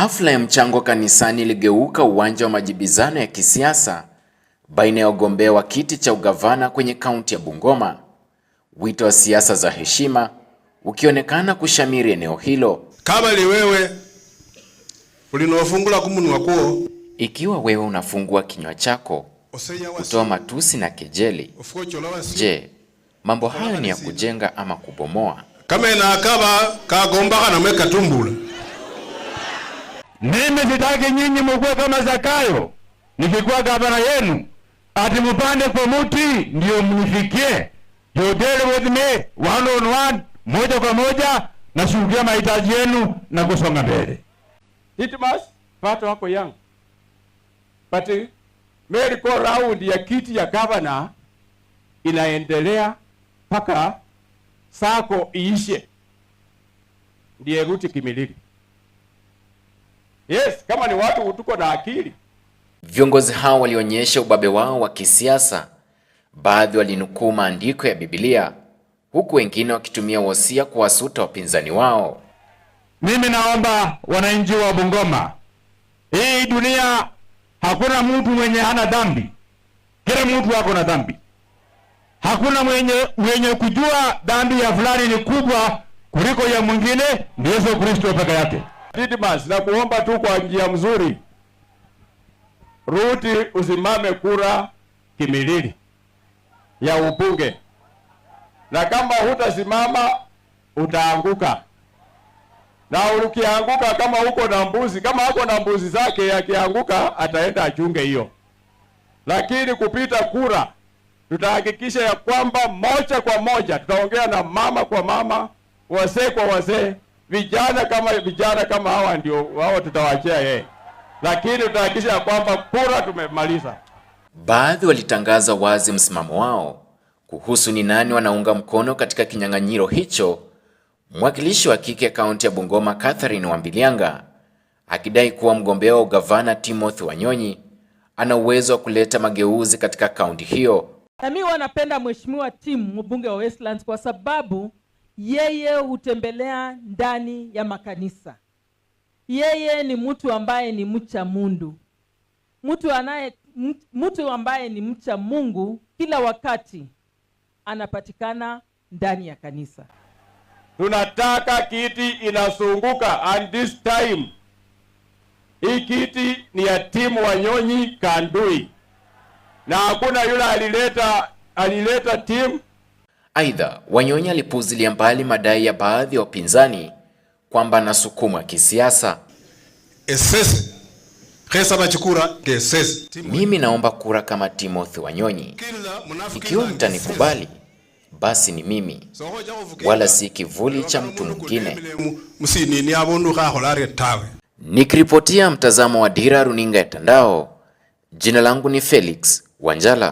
Hafla ya mchango kanisani iligeuka uwanja wa majibizano ya kisiasa baina ya wagombea wa kiti cha ugavana kwenye kaunti ya Bungoma, wito wa siasa za heshima ukionekana kushamiri eneo hilo. Kama ni wewe ulinofungula kumuni wakuo, ikiwa wewe unafungua kinywa chako kutoa matusi na kejeli, je, mambo hayo ni ya kujenga ama kubomoa? kama inakaba kagombaka namwe tumbula mimi sitaki nyinyi mukuwe kama Zakayo, nikikuwa gavana yenu, ati mupande kwa muti ndio mnifikie. You deal with me one on one, moja kwa moja, nashughulikia mahitaji yenu na kusonga mbele. must pato wako yangu but eh, Mary kwa round ya kiti ya gavana inaendelea mpaka sako iishe, ndiye ruti kimilili. Yes, kama ni watu tuko na akili. Viongozi hao walionyesha ubabe wao wa kisiasa. Baadhi walinukuu maandiko ya Biblia huku wengine wakitumia wosia kuwasuta wapinzani wao. Mimi naomba wananchi wa Bungoma, hii dunia hakuna mtu mwenye hana dhambi, kila mtu ako na dhambi. Hakuna mwenye, mwenye kujua dhambi ya fulani ni kubwa kuliko ya mwingine, ni Yesu Kristo peke yake. Didmas, na kuomba tu kwa njia mzuri, Ruti usimame kura kimilili ya ubunge, na kama hutasimama utaanguka. Na ukianguka kama uko na mbuzi, kama uko na mbuzi zake, akianguka ataenda achunge hiyo. Lakini kupita kura, tutahakikisha ya kwamba moja kwa moja tutaongea na mama kwa mama, wazee kwa wazee Vijana kama vijana kama hawa ndio wao tutawaachia yeye, lakini tutahakikisha kwamba kura tumemaliza. Baadhi walitangaza wazi msimamo wao kuhusu ni nani wanaunga mkono katika kinyang'anyiro hicho, mwakilishi wa kike kaunti ya Bungoma Catherine Wambilianga akidai kuwa mgombea wa ugavana Timothy Wanyonyi ana uwezo wa kuleta mageuzi katika kaunti hiyo. Nami wanapenda mheshimiwa Tim, mbunge wa Westlands, kwa sababu yeye hutembelea ndani ya makanisa. Yeye ni mtu ambaye ni mcha Mungu, mtu anaye mtu ambaye ni mcha Mungu kila wakati anapatikana ndani ya kanisa. Tunataka kiti inasunguka, and this time hii kiti ni ya timu Wanyonyi Kandui, na hakuna yule alileta alileta timu Aidha, Wanyonyi alipuuzilia mbali madai ya baadhi ya wapinzani kwamba anasukumwa kisiasa. Mimi naomba kura kama Timothy Wanyonyi. Ikiwa mtanikubali, basi ni mimi, wala si kivuli cha mtu mwingine. Nikiripotia mtazamo wa Dira Runinga ya Tandao, jina langu ni Felix Wanjala.